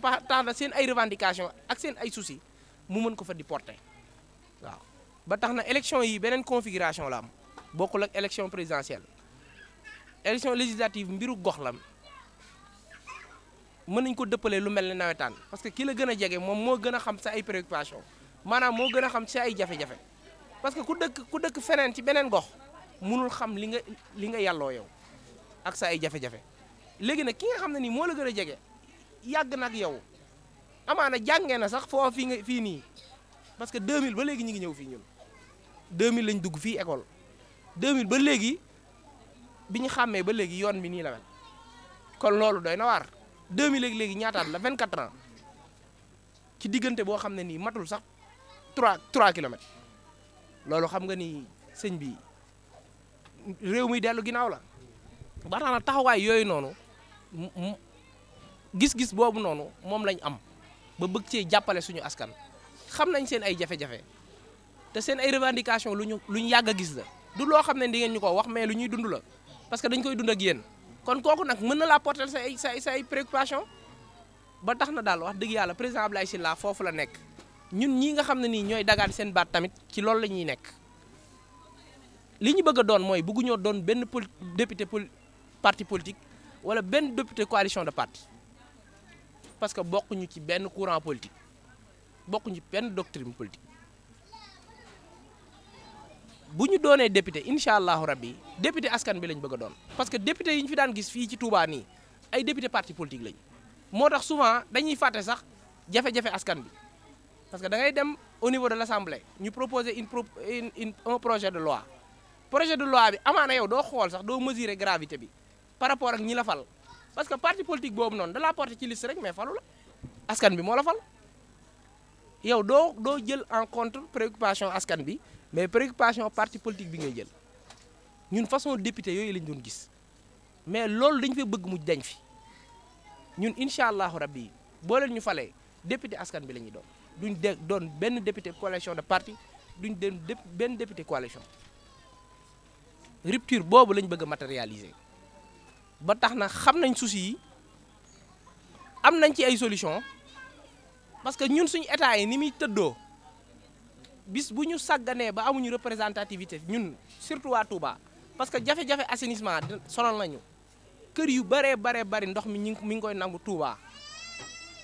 ba tax na seen ay revendication ak seen ay souci mu mën ko fa di porter waaw ba tax na élection yi beneen configuration la am bokkul ak élection présidentielle élection législative mbiru gox lam mën nañ ko dëppalee lu mel ne nawetaan parce que ki la gën a jege moom moo gën a xam sa ay préoccupation maanaam moo gën a xam si ay jafe-jafe parce que ku dëkk ku dëkk feneen ci beneen gox munul xam li nga li nga yàlloo yow ak sa ay jafe-jafe léegi nag ki nga xam ne nii moo la gën a jege yàgg nag yow amaana jàngee na sax foo fii nga fii nii parce que 2000 ba léegi ñu ngi ñëw fii ñun 2000 lañ dugg fii école 2000 ba léegi bi ñu xàmmee ba léegi yoon bi nii la mel kon loolu doy na waar 2000 léegi léegi ñaataat la 24 ans ci diggante boo xam ne nii matul sax 3 3 kilomètres loolu xam nga ni sëñ bi réew mi dellu ginnaaw la ba tax na taxawaay yooyu noonu. gis-gis boobu noonu moom lañ am ba bëgg cee jàppale suñu askan xam nañ seen ay jafe-jafe te seen ay revendication lu ñu lu ñu yàgg a gis la du loo xam ne di ngeen ñu ko wax mais lu ñuy dund la parce que dañ koy dund ak yéen kon kooku nag mën na laa porter sa ay sa ay préoccupation ba tax na daal wax dëgg yàlla président Abdoulaye Sylla foofu la nekk ñun ñii nga xam ne nii ñooy dagaan seen baat tamit ci loolu la ñuy nekk li ñu bëgg doon mooy bëgguñoo doon benn député parti politique wala benn député coalition de parti parce que bokkuñu ci benn courant politique bokkuñu ci benn doctrine politique bu ñu doonee député incha allahu rabbi député askan bi lañ bëgg doon. parce que député yi ñu fi daan gis fii ci Touba nii ay député parti politique lañ moo tax souvent dañuy fàtte sax jafe-jafe askan bi parce que da ngay dem au niveau de l' assemblée ñu proposer une pro un projet de loi projet de loi bi amaana yow doo xool sax doo mesurer gravité bi. par rapport ak ñi la fal parce que parti politique boobu noonu da laa porté ci liste rek mais falu askan bi moo la fal yow doo doo jël en contre préoccupation askan bi mais préoccupation parti politique bi ngay jël ñun façon député yooyu lañ doon gis mais loolu dañ fay bëgg mu dañ fi ñun incha allahu rabbi boo booleel ñu falee député askan bi la ñuy doon duñ de doon benn député coalition de parti duñ dem benn député coalition rupture boobu lañ bëgg a matérialiser. ba tax na xam nañ souci yi am nañ ci ay solution parce que ñun suñu état yi ni muy tëddoo bis bu ñu sagganee ba amuñu représentativité ñun surtout waa Touba parce que jafe-jafe assainissement sonal nañu kër yu bëree baree bari ndox mi ñu mi ngi koy nangu Touba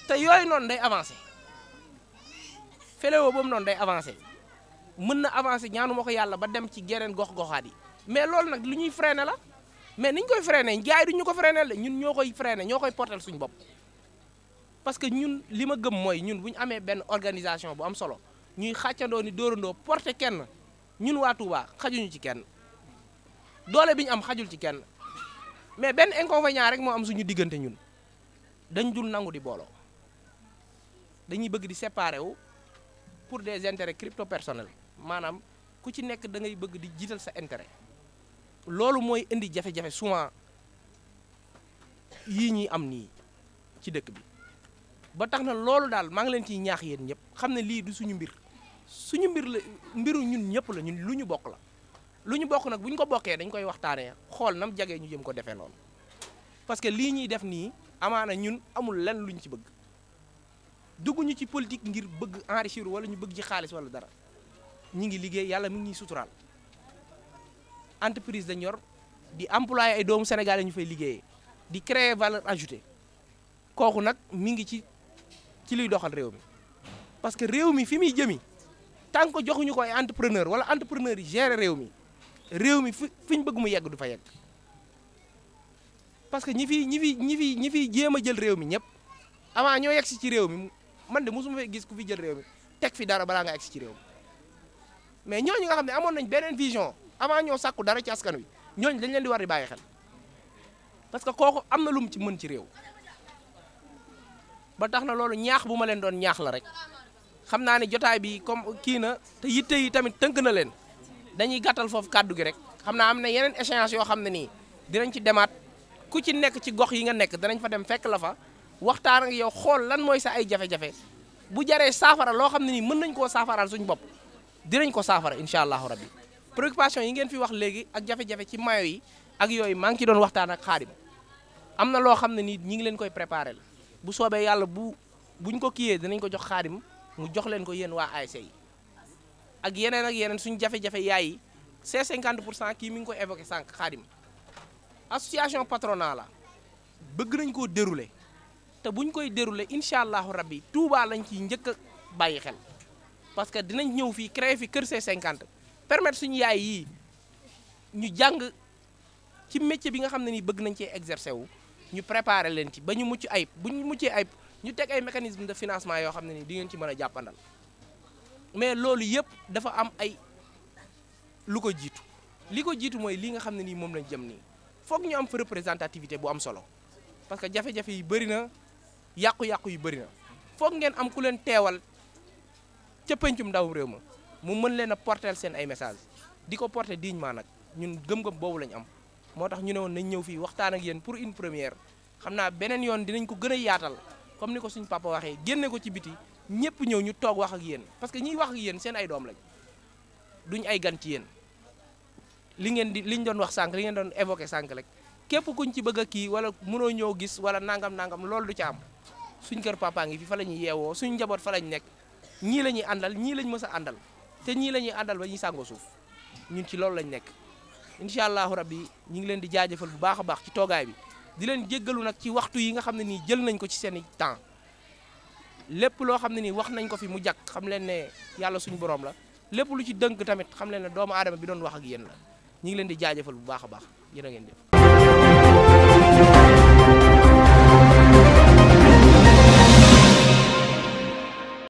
te yooyu noonu day avancé felewo boobu noonu day avancé mën na avancé ñaanu ma ko yàlla ba dem ci geneen gox-goxaat yi mais loolu nag lu ñuy freiné la mais niñ koy freiné gars yi duñ ñu ko freiné la ñun ñoo koy freiné ñoo koy portal suñu bopp parce que ñun li ma gëm mooy ñun bu ñu amee benn organisation bu am solo ñuy xàccandoo ni dóorandoo porté kenn ñun waa Touba xajuñu ci kenn doole bi ñu am xajul ci kenn mais benn inconvénient rek moo am suñu diggante ñun dañ dul nangu di booloo dañuy bëgg di séparer wu pour des intérêts crypto personnels maanaam ku ci nekk da ngay bëgg di jiital sa intérêt loolu mooy indi jafe-jafe souvent yii ñuy am nii ci dëkk bi ba tax na loolu daal maa ngi leen ci ñaax yéen ñëpp xam ne lii du suñu mbir suñu mbir la mbiru ñun ñëpp la ñun lu ñu bokk la lu ñu bokk nag bu ñu ko bokkee dañ koy waxtaanee xool nam jagee ñu jëm ko defee noonu parce que lii ñuy def nii amaana ñun amul lenn luñ ci bëgg dugguñu ci politique ngir bëgg enrichir wala ñu bëgg ci xaalis wala dara ñu ngi liggéey yàlla mi ngi ñuy suturaal entreprise de ñor di emploi ay doomu Sénégal ñu fay liggéeyee di créer valeur ajoutée kooku nag mi ngi ci ci luy doxal réew mi parce que réew mi fi muy jëmi tant que joxuñu ko ay entrepreneur wala entrepreneur yi genre réew mi réew mi fi fi ñu bëgg mu yegg du fa yegg parce que ñi fi ñi fi ñi fi ñi fi jéem a jël réew mi ñëpp avant ñoo yegg si ci réew mi man de mosuma fay gis ku fi jël réew mi teg fi dara balaa nga yegg ci réew mi mais ñooñu nga xam ne amoon nañ beneen vision avant ñoo sàkku dara ci askan wi ñooñ dañ leen di war di bàyyi xel parce que kooku am na lu mu ci mën ci réew ba tax na loolu ñaax bu ma leen doon ñaax la rek xam naa ne jotaay bi comme kii na te yitte yi tamit tënk na leen dañuy gàttal foofu kàddu gi rek xam naa am na yeneen échéance yoo xam ne nii dinañ ci demaat ku ci nekk ci gox yi nga nekk danañ fa dem fekk la fa waxtaan ak yow xool lan mooy sa ay jafe-jafe bu jaree saafara loo xam ne nii mën nañ koo saafaraal suñ bopp dinañ ko saafara incha allahu rabbi préoccupation yi ngeen fi wax léegi ak jafe-jafe ci mayo yi ak yooyu maa ngi ci doon waxtaan ak xaadim am na loo xam ne nii ñi ngi leen koy préparé la bu soobee yàlla bu bu buñ ko kiyee dinañ ko jox xaadim mu jox leen ko yéen waa ay sey ak yeneen ak yeneen suñu jafe-jafe yaay yi c'est 50 pour cent kii mi ngi koy évoqué sànq xaadim association patronat la bëgg nañ koo dérouler te buñ koy dérouler incha allahu rabbi Touba lañ ciy njëkk a bàyyi xel parce que dinañ ñëw fii créer fi kër c permettre suñu yaay yii ñu jàng ci métier bi nga xam ne nii bëgg nañ cee exercer wu ñu préparer leen ci ba ñu mucc ayib bu ñu muccee ayib ñu teg ay mécanisme de financement yoo xam ne nii di ngeen ci mën a jàppandal mais loolu yëpp dafa am ay lu ko jiitu li ko jiitu mooy li nga xam ne nii moom lañ jëm nii foog ñu am fa représentativité bu am solo parce que jafe-jafe yi bëri na yàqu-yàqu yi bëri na foog ngeen am ku leen teewal ca pencum ndaw réew ma mu mën leen a porteel seen ay message di ko porté dignement nag ñun gëm-gëm boobu lañ am moo tax ñu ne woon nañ ñëw fii waxtaan ak yéen pour une première xam naa beneen yoon dinañ ko gën yaatal comme ni ko suñ papa waxee génne ko ci biti ñëpp ñëw ñu toog wax ak yéen parce que ñiy wax ak yéen seen ay doom lañ duñ ay gan ci yéen li ngeen di liñ doon wax sànq li ngeen doon évoqué sànq rek képp kuñ ci bëgg a kii wala mënoo ñëw gis wala nangam nangam loolu du ca am suñ kër papa ngi fa la ñuy yeewoo suñ njaboot fa lañ nekk ñii la àndal ñii lañ mës a àndal te ñii la ñuy àndal ba ñuy sàngoo suuf ñun ci loolu lañ nekk incha allahu rabbi ñu ngi leen di jaajëfal bu baax a baax ci toogaay bi di leen jéggalu nag ci waxtu yi nga xam ne nii jël nañ ko ci seen i temps lépp loo xam ne nii wax nañ ko fi mu jàkk xam leen ne yàlla suñu borom la lépp lu ci dënk tamit xam leen ne doomu aadama bi doon wax ak yéen la ñu ngi leen di jaajëfal bu baax a baax jërë ngeen def